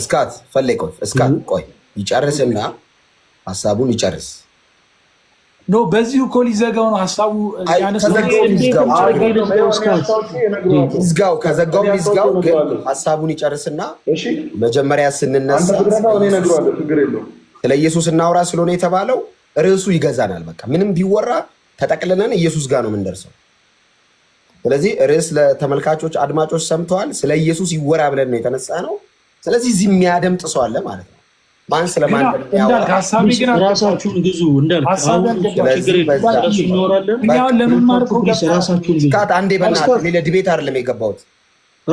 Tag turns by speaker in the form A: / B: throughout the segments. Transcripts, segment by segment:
A: እስካት ፈለይ ቆይ እስካት ቆይ ይጨርስና ሀሳቡን ይጨርስ።
B: ኖ በዚሁ እኮ ሊዘጋው ነው ሀሳቡ።
A: ይዝጋው ከዘጋው ይዝጋው፣ ግን ሀሳቡን ይጨርስና መጀመሪያ ስንነሳ ስለ ኢየሱስ እናውራ ስለሆነ የተባለው ርዕሱ ይገዛናል። በቃ ምንም ቢወራ ተጠቅልለን ኢየሱስ ጋር ነው የምንደርሰው። ስለዚህ ርዕስ ለተመልካቾች አድማጮች ሰምተዋል። ስለ ኢየሱስ ይወራ ብለን ነው የተነሳ ነው። ስለዚህ እዚህ የሚያደምጥ ሰው አለ ማለት ነው። ማን ስለማን
B: ራሳችሁን ግዙ እንዳልኩት
A: አንዴ በእናትህ ሌለ ድቤት አይደለም የገባሁት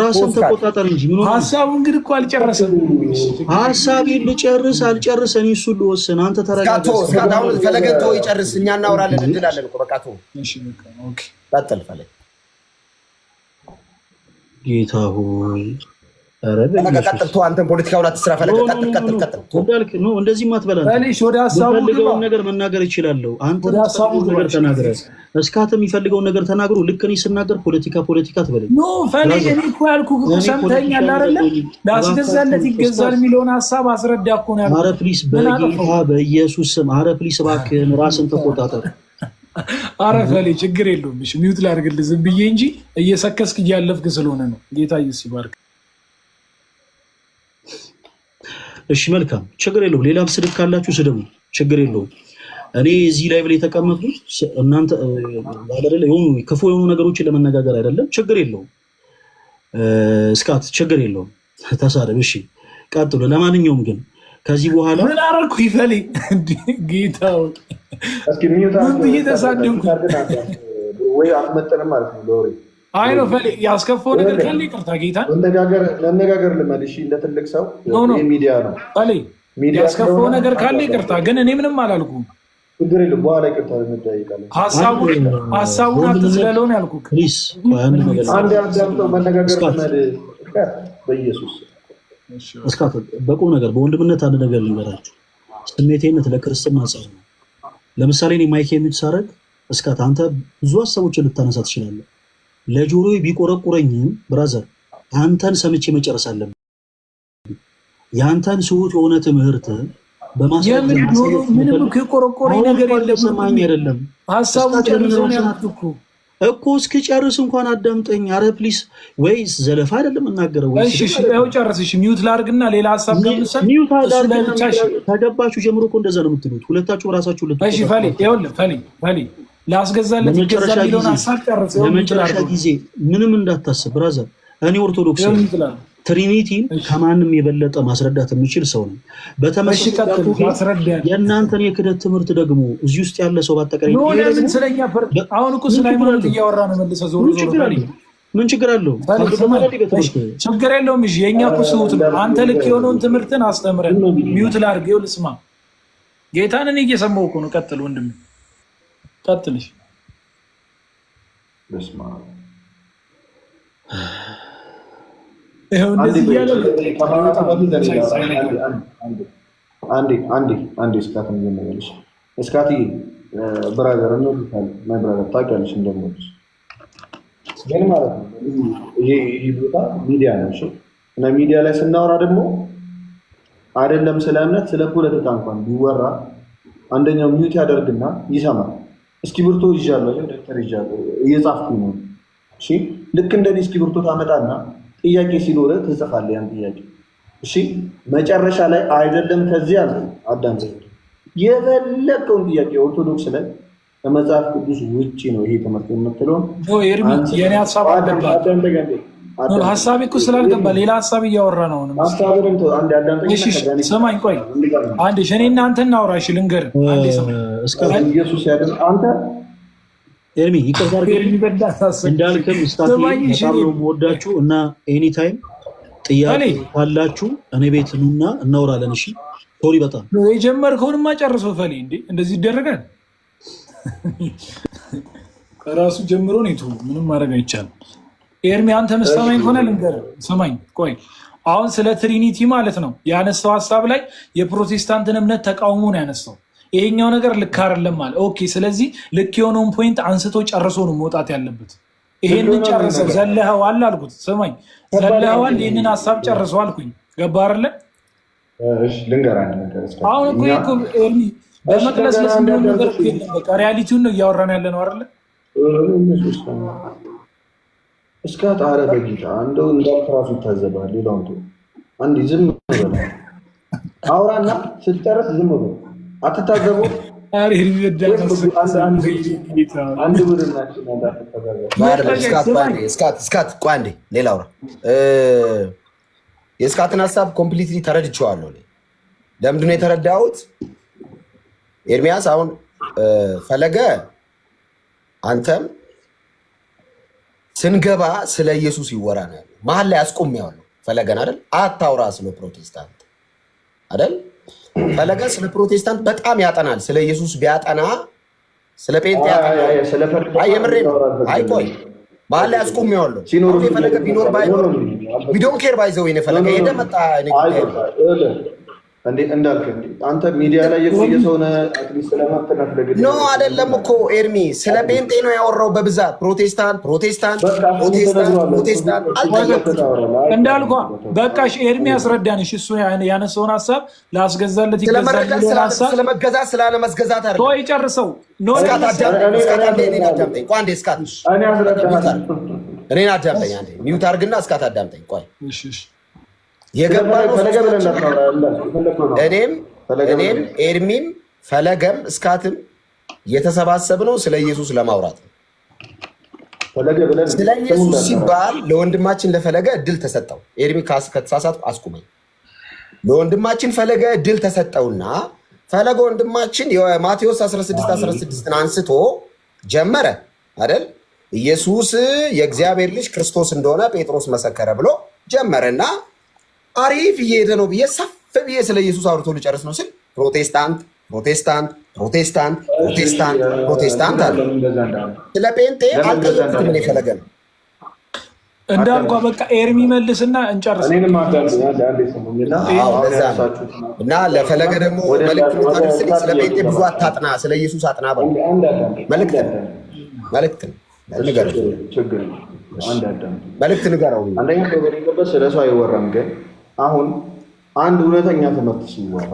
B: ራስን ተቆጣጠር እንጂ ምን ሀሳቡ እንግዲህ እኮ አልጨረሰም። ሀሳቤን ልጨርስ አልጨርስ እኔ እሱን ልወስን። አንተ ተረጋጋ።
A: ፈለገን ተወው ይጨርስ፣ እኛ እናውራለን እንላለን። በቃ ተወው ቀጥል ፈለግ ጌታ ሆይ ቀጥል ተው፣ አንተን ፖለቲካ ሁላት ስራ
B: ፈለገ። ቀጥል ነው። እንደዚህ ማትበላ
A: የምፈልገውን ነገር መናገር ይችላለሁ። አንተ ነገር ተናግረ እስካት የሚፈልገውን ነገር ተናግሮ ልክ እኔ ስናገር ፖለቲካ ፖለቲካ ትበለኝ።
B: ፈለገ እኔ እኮ ያልኩህ እኮ ሰምተኸኛል አይደለ? ይገዛል የሚለውን ሀሳብ አስረዳ እኮ ነው
A: ፕሊስ፣ በጌታ በኢየሱስ ስም ፕሊስ እባክህን ራስን ተቆጣጠር።
B: አረፈሌ ችግር የለውም። እሺ ሚውት ላድርግልህ ዝም ብዬ እንጂ እየሰከስክ እያለፍክ ስለሆነ ነው። ጌታ ኢየሱስ ይባርክ።
A: እሺ መልካም ችግር የለውም። ሌላም ስድብ ካላችሁ ስድቡ፣ ችግር የለውም። እኔ እዚህ ላይ ብላ የተቀመጥኩት እናንተ ክፉ የሆኑ ነገሮችን ለመነጋገር አይደለም። ችግር የለውም። እስካት ችግር የለውም። ተሳደብ። እሺ ቀጥሎ ለማንኛውም ግን ከዚህ በኋላ ምን
B: አደረኩ? ይፈሌ ጌታ እየተሳደብኩ
A: አትመጠንም ማለት ነው።
B: አይ ነው ፈሌ ነገር ካለ ይቅርታ ጌታ
A: መነጋገር ልመድ። እሺ እንደ ትልቅ ሰው ሚዲያ ነው
B: ፈሌ ያስከፋው ነገር ካለ ይቅርታ። ግን እኔ ምንም አላልኩም።
A: ችግር የለም። በኋላ ይቅርታ
B: እንጠያይቃለን። ሀሳቡን አትዝለለውን ያልኩህ
A: አንድ መነጋገር ልመድ በኢየሱስ እስካቶ በቁም ነገር በወንድምነት አንድ ነገር ልንገራችሁ። ስሜቴነት ለክርስትና ጸሩ ነው። ለምሳሌ እኔ ማይክ የሚት ሳረግ እስካት አንተ ብዙ ሀሳቦችን ልታነሳ ትችላለህ። ለጆሮ ቢቆረቁረኝም ብራዘር አንተን ሰምቼ መጨረስ አለብን። የአንተን ስሁት የሆነ ትምህርት
B: በማስምንም ከቆረቆረኝ ነገር
A: የለም። ሰማኝ አይደለም
B: ሀሳቡ ጨርሰን ያልኩህ
A: እኮ እስክጨርስ እንኳን አዳምጠኝ። አረ ፕሊስ። ወይ ዘለፋ አይደለም እናገረው።
B: ጨርስሽ ሚዩት ላርግና ሌላ ሀሳብ
A: ከገባችሁ ጀምሮ እኮ እንደዛ ነው የምትሉት ሁለታችሁ ራሳችሁ።
B: ላስገዛለት
A: ለመጨረሻ ጊዜ ምንም እንዳታስብ ብራዘር፣ እኔ ኦርቶዶክስ ትሪኒቲን ከማንም የበለጠ ማስረዳት የሚችል ሰው ነው። በተመሳሳይ የእናንተን የክደት ትምህርት ደግሞ እዚህ ውስጥ ያለ ሰው በአጠቃላይ ምን ችግር አለው?
B: ችግር የለውም። የእኛ እኮ አንተ ልክ የሆነውን ትምህርትን አስተምረን ሚዩት ላድርግ ልስማ። ጌታን እኔ እየሰማሁ እኮ ነው። ቀጥል ወንድም ቀጥልሽ
A: አንዴ ሚዲያ ላይ ስናወራ ደግሞ አይደለም ስለ እምነት ስለ ፖለቲካ እንኳን ቢወራ አንደኛው ሚዩት ያደርግና ይሰማል። እስክሪብቶ ይዣለሁ፣ ደብተር ይዣለሁ፣ እየጻፍኩ ነው። ልክ እንደኔ እስክሪብቶ ታመጣና ጥያቄ ሲኖረ ትጽፋለህ ያን ጥያቄ። እሺ መጨረሻ ላይ አይደለም ከዚህ አለ አዳም ዘንድ የፈለከውን ጥያቄ ኦርቶዶክስ ላይ ከመጽሐፍ ቅዱስ ውጪ ነው ይሄ ትምህርት የምትለውን
B: የኔ ሀሳብ ሀሳቤ እኮ ስላልገባ ሌላ ሀሳብ እያወራ ነው። ስማኝ ቆይ አንዴ እኔ እና አንተ እናውራ። እሺ ልንገርህ
A: አንዴ አንተ ኤርሚ
B: ይቅርታ
A: እንዳልክም ወዳችሁ እና ኤኒታይም ጥያቄ ካላችሁ እኔ ቤት ኑና እናወራለን። እሺ ሶሪ በጣም
B: የጀመርከውን ማጨርሰው ፈሌ እንዴ እንደዚህ ይደረጋል። ከራሱ ጀምሮ ኔቱ ምንም ማድረግ አይቻልም። ኤርሚ አንተ መሰማኝ ከሆነ ልንገር፣ ሰማኝ ቆይ አሁን ስለ ትሪኒቲ ማለት ነው ያነሳው ሀሳብ ላይ የፕሮቴስታንትን እምነት ተቃውሞ ነው ያነሳው ይሄኛው ነገር ልክ አይደለም አለ። ኦኬ ስለዚህ ልክ የሆነውን ፖይንት አንስቶ ጨርሶ ነው መውጣት ያለበት። ይሄንን ጨርሰ ዘለኸዋል አልኩት። ስማኝ ዘለኸዋል፣ ይህንን ሀሳብ ጨርሶ አልኩኝ። ገባ አይደለ? አሁን እኮ በመቅለስለስ የሚሆን ነገር የለም። ሪያሊቲውን ነው እያወራን ያለ ነው አለ
A: እስከ ጣረ በጌታ እንደው ራሱ ይታዘባል። ሌላውን አንድ ዝም አውራና ስትጨርስ ዝም ብሎ አትታዘቡ። ስካት ቆይ አንዴ፣ ሌላ አውራ። የስካትን ሀሳብ ኮምፕሊትሊ ተረድቼዋለሁ። ለምንድነው የተረዳሁት? ኤርሚያስ አሁን ፈለገ አንተም ስንገባ ስለ ኢየሱስ ይወራ ነው ያለው። መሀል ላይ አስቆሚያለሁ። ፈለገን አይደል አታውራ፣ ስለ ፕሮቴስታንት አይደል ፈለገ ስለ ፕሮቴስታንት በጣም ያጠናል። ስለ ኢየሱስ ቢያጠና ስለ ፔንቴ ያጠናል። የምሬ ነው። አይ ቆይ መሀል ላይ አስቁም አስቆሚዋለሁ። ፈለገ ቢኖር ባይኖር ዶንት ኬር ባይዘው የፈለገ ሄደ መጣ እንዴ እንዳልክ አንተ ሚዲያ ላይ የቆየ ነው አይደለም እኮ ኤርሚ፣ ስለ ጴንጤ ነው ያወራው በብዛት ፕሮቴስታንት፣ ፕሮቴስታንት፣ ፕሮቴስታንት ፕሮቴስታንት
B: እንዳልኳ በቃሽ ኤርሚ ያስረዳን። እሱ ሀሳብ ላስገዛለት ስለመገዛት ስላለመስገዛት ይጨርሰው። አዳምጠኝ እኔን አዳምጠኝ አድርግና አዳምጠኝ ቆይ። እኔም እኔም ኤርሚም ፈለገም እስካትም የተሰባሰብነው ስለ ኢየሱስ ለማውራት ነው። ስለ ኢየሱስ ሲባል ለወንድማችን ለፈለገ ድል ተሰጠው። ኤርሚ ከተሳሳት አስቁመኝ። ለወንድማችን ፈለገ ድል ተሰጠውና ፈለገ ወንድማችን የማቴዎስ 16 16ን አንስቶ ጀመረ አይደል? ኢየሱስ የእግዚአብሔር ልጅ ክርስቶስ እንደሆነ ጴጥሮስ መሰከረ ብሎ ጀመረና አሪፍ እየሄደ ነው ብዬ ሰፍ ብዬ ስለ ኢየሱስ አውርቶ ልጨርስ ነው ስል ፕሮቴስታንት ፕሮቴስታንት ፕሮቴስታንት ፕሮቴስታንት ፕሮቴስታንት አለ። ስለ ጴንጤ አልጠየቅኩትም። ምን የፈለገ ነው እንዳልኳ በቃ ኤርሚ መልስና እንጨርስ እና ለፈለገ ደግሞ መልዕክት ስለ ጴንጤ ብዙ አታጥና፣ ስለ ኢየሱስ አጥና። መልዕክት ነው መልዕክት ነው ንገረው፣ መልዕክት ንገረው። አንደኛ ነገር የለበት ስለ ሰው አይወራም ግን አሁን አንድ እውነተኛ ትምህርት ሲወራ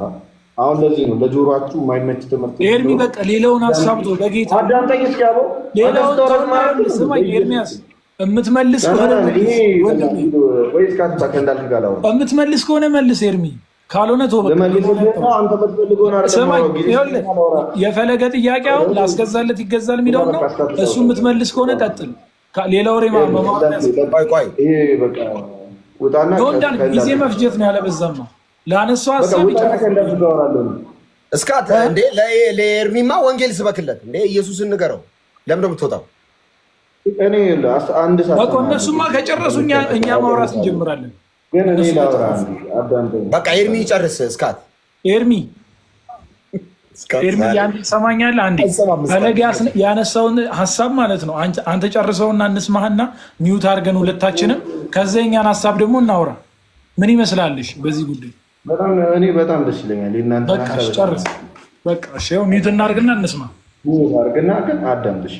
B: አሁን ለዚህ ነው ለጆሮአችሁ የማይመች ትምህርት። ኤርሚ በቃ ሌላውን ሀሳብ ነው ለጌታ አዳምጠኝ። እስኪያሉ ኤርሚያስ የምትመልስ ከሆነ ወይስ የምትመልስ ከሆነ መልስ ኤርሚ፣ ካልሆነ የፈለገ ጥያቄ አሁን ላስገዛለት ይገዛል የሚለው ነው እሱ። የምትመልስ ከሆነ ቀጥል፣ ሌላ ወሬ ማማ ቆይ ቆይ ይሄ በቃ ጆንዳን ጊዜ መፍጀት ነው ያለበዛም ነው ለአነሱ ሀሳብ እስካት እንዴ ለኤርሚማ ወንጌል ስበክለት እንዴ ኢየሱስን ንገረው። ለምን ምትወጣው? እነሱማ ከጨረሱ እኛ ማውራት እንጀምራለን። በቃ ኤርሚ ይጨርስ። እስካት ኤርሚ ኤርሚ ሰማኛል። አንዴ ፈለግ ያነሳውን ሀሳብ ማለት ነው አንተ ጨርሰውና እንስማህና ሚዩት አድርገን ሁለታችንም ከዛ የኛን ሀሳብ ደግሞ እናውራ። ምን ይመስላልሽ በዚህ ጉዳይ? እኔ በጣም ደስ ይለኛል። ጨርስ በቃ ይኸው እንስማ ግን አዳምጥ።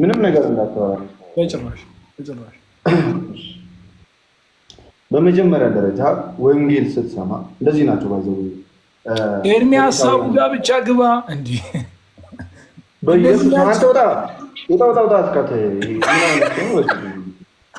B: ምንም ነገር እንዳታወራ በጭራሽ በጭራሽ። በመጀመሪያ ደረጃ ወንጌል ስትሰማ እንደዚህ ናቸው ባይዘ ኤርሚያ ሀሳቡ ጋር ብቻ ግባ እንዲህ በየሱስ ውጣ ውጣ ውጣ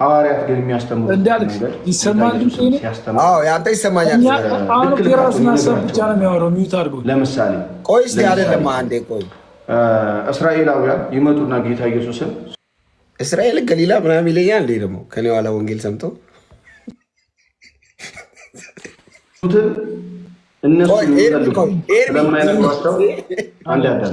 B: ሐዋርያት ግን የሚያስተምሩ ይሰማል። ይሰማኛል። አሁን የራሱን ሀሳብ ብቻ ነው የሚያወራው። ሚዩት አድርጎ ለምሳሌ ቆይ እስኪ አይደለም፣ አንዴ ቆይ። እስራኤላውያን ይመጡና ጌታ ኢየሱስን እስራኤል ገሊላ ምናምን ይለኛል። እንዴ ደግሞ ከኔ ኋላ ወንጌል ሰምቶ እነሱ ለማይነግሯቸው አንድ ያዳነ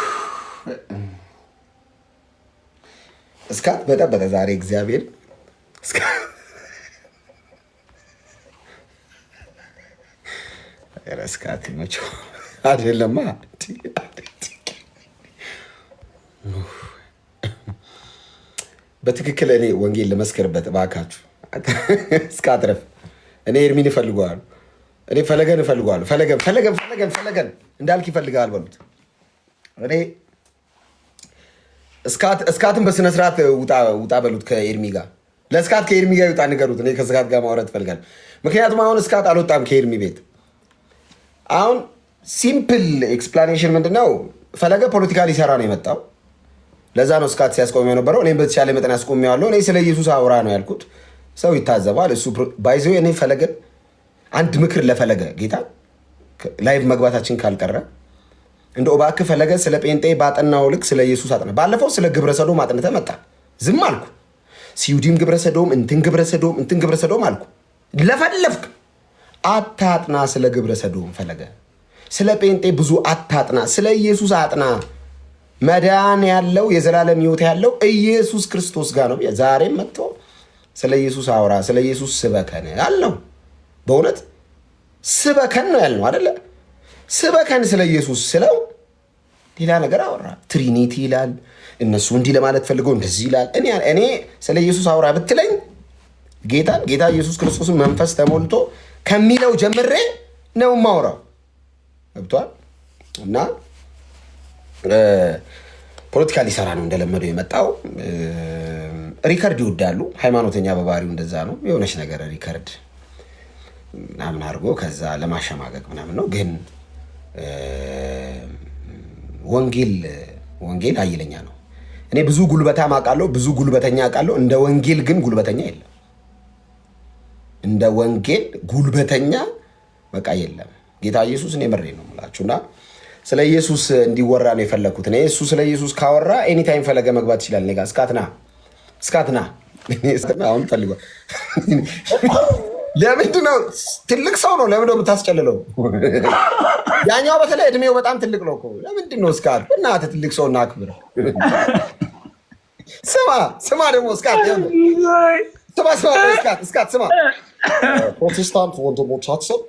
B: እስካት በጠበጠ ዛሬ እግዚአብሔር እስካት መቸው አይደለማ በትክክል እኔ ወንጌል ልመስክርበት እባካችሁ። እስካትረፍ እኔ ኤርሚን እፈልገዋለሁ። እኔ ፈለገን እፈልገዋለሁ። ፈለገን ፈለገን ፈለገን ፈለገን እንዳልክ ይፈልጋል በሉት እኔ እስካትን በስነ ስርዓት ውጣ በሉት። ከኤርሚ ጋር ለእስካት ከኤርሚ ጋር ይውጣ ንገሩት። እኔ ከስካት ጋር ማውራት እፈልጋለሁ። ምክንያቱም አሁን እስካት አልወጣም ከኤርሚ ቤት። አሁን ሲምፕል ኤክስፕላኔሽን ምንድነው? ፈለገ ፖለቲካ ሊሰራ ነው የመጣው። ለዛ ነው እስካት ሲያስቆሚው የነበረው። እኔም በተቻለ መጠን ያስቆሚዋለሁ። እኔ ስለ ኢየሱስ አውራ ነው ያልኩት። ሰው ይታዘባል። እሱ ባይዘ እኔ ፈለገን አንድ ምክር ለፈለገ ጌታ ላይቭ መግባታችን ካልቀረ እንደ ኦባክ ፈለገ ስለ ጴንጤ ባጠናው ልክ ስለ ኢየሱስ አጥና። ባለፈው ስለ ግብረ ሰዶም አጥንተ መጣ፣ ዝም አልኩ። ሲዩዲም ግብረ ሰዶም እንትን ግብረ ሰዶም እንትን ግብረ ሰዶም አልኩ። ለፈለፍክ አታጥና። ስለ ግብረ ሰዶም ፈለገ፣ ስለ ጴንጤ ብዙ አታጥና፣ ስለ ኢየሱስ አጥና። መዳን ያለው የዘላለም ህይወት ያለው ኢየሱስ ክርስቶስ ጋር ነው። ዛሬም መጥቶ ስለ ኢየሱስ አውራ፣ ስለ ኢየሱስ ስበከን አለው። በእውነት ስበከን ነው ያልነው አደለ ስበከን ስለ ኢየሱስ ስለው ሌላ ነገር አወራ። ትሪኒቲ ይላል፣ እነሱ እንዲህ ለማለት ፈልገው እንደዚህ ይላል። እኔ ስለ ኢየሱስ አውራ ብትለኝ ጌታን ጌታ ኢየሱስ ክርስቶስን መንፈስ ተሞልቶ ከሚለው ጀምሬ ነው ማውራው። ገብቷል። እና ፖለቲካ ሊሰራ ነው እንደለመደው የመጣው። ሪከርድ ይወዳሉ። ሃይማኖተኛ በባህሪው እንደዛ ነው። የሆነች ነገር ሪከርድ ምናምን አድርጎ ከዛ ለማሸማገግ ምናምን ነው ግን ወንጌል ወንጌል ኃይለኛ ነው። እኔ ብዙ ጉልበታም አውቃለሁ፣ ብዙ ጉልበተኛ አውቃለሁ። እንደ ወንጌል ግን ጉልበተኛ የለም። እንደ ወንጌል ጉልበተኛ በቃ የለም። ጌታ ኢየሱስ እኔ ምሬ ነው የምላችሁ እና ስለ ኢየሱስ እንዲወራ ነው የፈለግኩት። እኔ እሱ ስለ ኢየሱስ ካወራ ኤኒታይም ፈለገ መግባት ይችላል። እኔ ጋ እስካትና እስካትና አሁን ፈልጓል ነው ትልቅ ሰው ነው፣ ለምንድነው የምታስጨልለው? ያኛው በተለይ እድሜው በጣም ትልቅ ነው። ነው እስካት በእናትህ ትልቅ ሰው እናክብር። ስማ ስማ ደግሞ እስካት ስማ ስማ እስካት ስማ ፕሮቴስታንት ወንድሞቻችን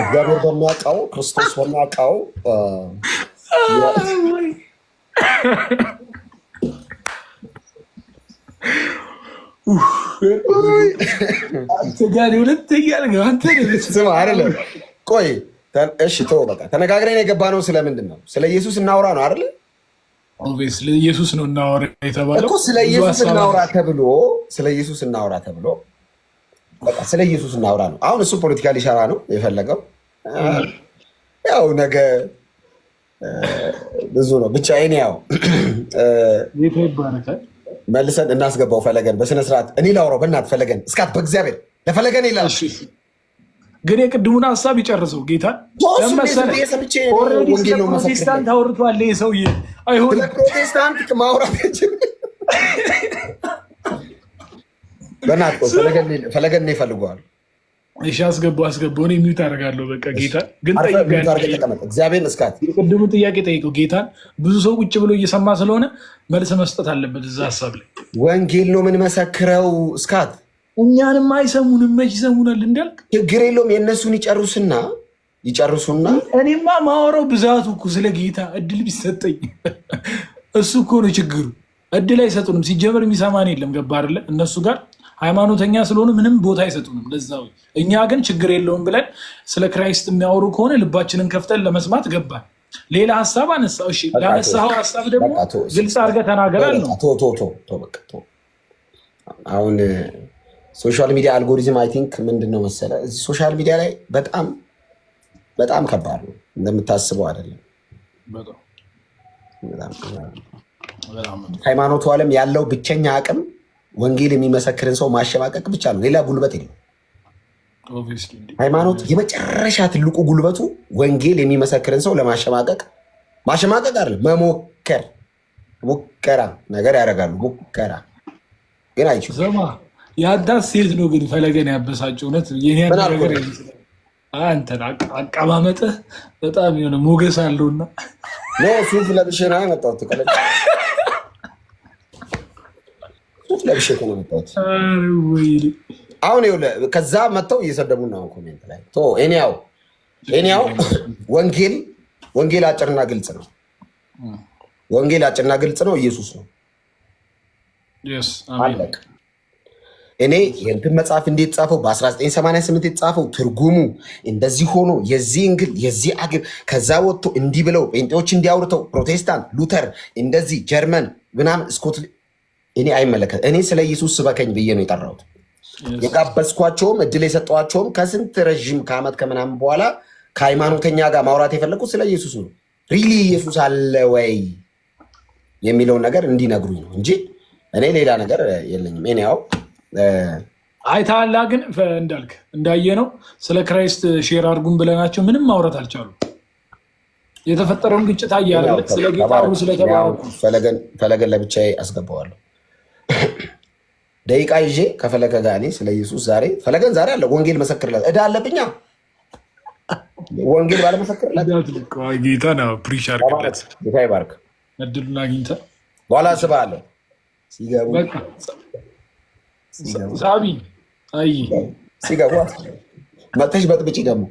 B: እግዚአብሔር በሚያውቀው ክርስቶስ በሚያውቀው ቆይ እሺ፣ ተው በቃ ተነጋግረን የገባ ነው። ስለምንድን ነው? ስለ ኢየሱስ እናውራ ነው አይደለ? ስለ ኢየሱስ ነው እናውራ የተባለው እኮ። ስለ ኢየሱስ እናውራ ተብሎ ስለ ኢየሱስ እናውራ ተብሎ በቃ ስለ ኢየሱስ እናውራ ነው። አሁን እሱ ፖለቲካ ሊሰራ ነው የፈለገው። ያው ነገ ብዙ ነው ብቻ ይኔ ያው መልሰን እናስገባው። ፈለገን በስነስርዓት እኔ ላውራው። በእናት ፈለገን እስካት በእግዚአብሔር ለፈለገን ይላል። ግን የቅድሙን ሀሳብ ይጨርሰው ጌታ ፕሮቴስታንት አውርቷል። ሰውዬ አይሆንም ፕሮቴስታንት ማውራት በእናትህ ፈለገን ይፈልገዋል። እሺ አስገባ አስገባ እኔ ሚውት አደርጋለሁ። በቃ ጌታ ግን እግዚአብሔር የቅድሙ ጥያቄ ጠይቀው ጌታ። ብዙ ሰው ቁጭ ብሎ እየሰማ ስለሆነ መልስ መስጠት አለበት። እዛ ሀሳብ ላይ ወንጌል ነው የምንመሰክረው። እስካት እኛንም አይሰሙንም፣ መች ይሰሙናል እንዳልክ ችግር የለውም። የእነሱን ይጨርሱና ይጨርሱና እኔማ ማወራው ብዛቱ እኮ ስለ ጌታ እድል ቢሰጠኝ እሱ እኮ ነው ችግሩ። እድል አይሰጡንም። ሲጀመር የሚሰማን የለም። ገባ አይደለ እነሱ ጋር ሃይማኖተኛ ስለሆኑ ምንም ቦታ አይሰጡንም። ለዛ እኛ ግን ችግር የለውም ብለን ስለ ክራይስት የሚያወሩ ከሆነ ልባችንን ከፍተን ለመስማት ገባል። ሌላ ሀሳብ አነሳ። እሺ ሀሳብ ደግሞ ግልጽ አድርገህ ተናገራል ነው። አሁን ሶሻል ሚዲያ አልጎሪዝም አይ ቲንክ ምንድን ነው ሶሻል ሚዲያ ላይ በጣም በጣም ከባድ ነው፣ እንደምታስበው አይደለም። ሃይማኖቱ ዓለም ያለው ብቸኛ አቅም ወንጌል የሚመሰክርን ሰው ማሸማቀቅ ብቻ ነው። ሌላ ጉልበት የለም። ሃይማኖት የመጨረሻ ትልቁ ጉልበቱ ወንጌል የሚመሰክርን ሰው ለማሸማቀቅ ማሸማቀቅ አለ መሞከር ሙከራ ነገር ያደርጋሉ። ሙከራ ግን አይችሉ የአዳት ሴት ነው ግን ፈለገን ያበሳጭ እውነት ነገር አቀማመጥህ በጣም የሆነ ሞገስ አለውና ሴት ለብሼ ነው ቀለጭ ሱፍ ለብሼ ነው የመጣሁት። አሁን ከዛ መጥተው እየሰደቡ ነው ኮሜንት ላይ ኔው ኔው ወንጌል ወንጌል አጭርና ግልጽ ነው። ወንጌል አጭርና ግልጽ ነው። ኢየሱስ ነው አለቅ እኔ የእንትን መጽሐፍ እንዴት ጻፈው? በ1988 የተጻፈው ትርጉሙ እንደዚህ ሆኖ የዚህ እንግል የዚህ አግብ ከዛ ወጥቶ እንዲህ ብለው ጴንጤዎች እንዲያውርተው ፕሮቴስታንት ሉተር እንደዚህ ጀርመን ምናምን ስኮትላንድ እኔ አይመለከት እኔ ስለ ኢየሱስ ስበከኝ ብዬ ነው የጠራሁት። የጋበዝኳቸውም እድል የሰጠኋቸውም ከስንት ረዥም ከዓመት ከምናምን በኋላ ከሃይማኖተኛ ጋር ማውራት የፈለግኩት ስለ ኢየሱስ ነው። ሪሊ ኢየሱስ አለ ወይ የሚለውን ነገር እንዲነግሩኝ ነው እንጂ እኔ ሌላ ነገር የለኝም። እኔ ያው አይታላ ግን እንዳልክ እንዳየ ነው ስለ ክራይስት ሼር አድርጉን ብለናቸው ምንም ማውራት አልቻሉ። የተፈጠረውን ግጭት አያለ ስለ ጌታ ስለተባረኩ ፈለገን ለብቻ አስገባዋለሁ። ደቂቃ ይዤ ከፈለገ ጋር እኔ ስለ ኢየሱስ ዛሬ ፈለገን ዛሬ አለ ወንጌል መሰክርላት እዳ አለብኛ ወንጌል ባለመሰክርላት ጌታ ነው ፕሪሽ አድርግለት። ጌታ ይባርክ። እድሉን በኋላ ሲገቡ ሳቢ አይ ሲገቡ ደግሞ